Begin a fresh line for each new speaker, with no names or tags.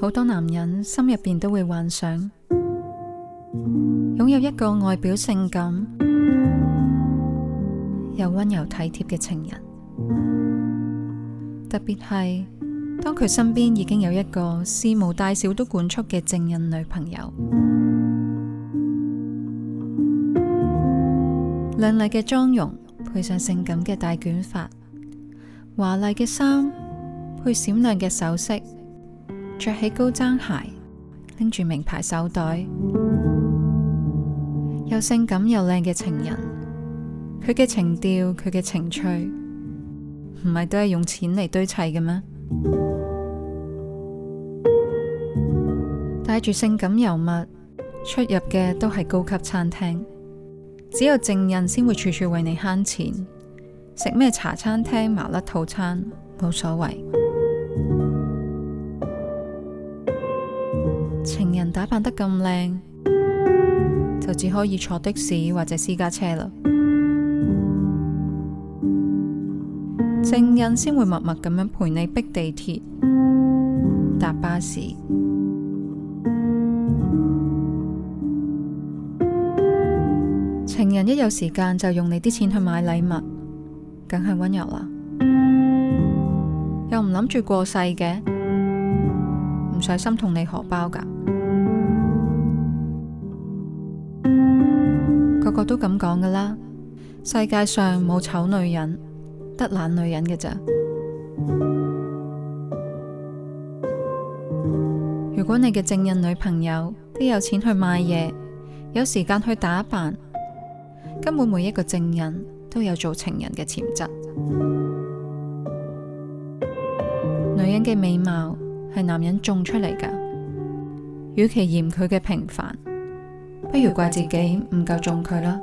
好多男人心入邊都會幻想擁有一個外表性感又溫柔體貼嘅情人，特別係當佢身邊已經有一個事無大小都管束嘅正印女朋友，靚麗嘅妝容配上性感嘅大卷髮，華麗嘅衫配閃亮嘅首飾。着起高踭鞋，拎住名牌手袋，又性感又靚嘅情人，佢嘅情調，佢嘅情趣，唔係都係用錢嚟堆砌嘅咩？帶住性感尤物出入嘅都係高級餐廳，只有正印先會處處為你慳錢，食咩茶餐廳麻甩套餐冇所謂。情人打扮得咁靚，就只可以坐的士或者私家車啦。正印先會默默咁樣陪你逼地鐵、搭巴士。情人一有時間就用你啲錢去買禮物，梗係溫柔啦，又唔諗住過世嘅。唔使心痛你荷包噶，個個都咁講噶啦。世界上冇醜女人，得懶女人嘅咋。如果你嘅正印女朋友，都有錢去買嘢，有時間去打扮，根本每一個正印都有做情人嘅潛質。
女
人嘅美貌係男人寵出嚟㗎，與其嫌佢嘅平凡，不如怪自己唔夠寵佢啦。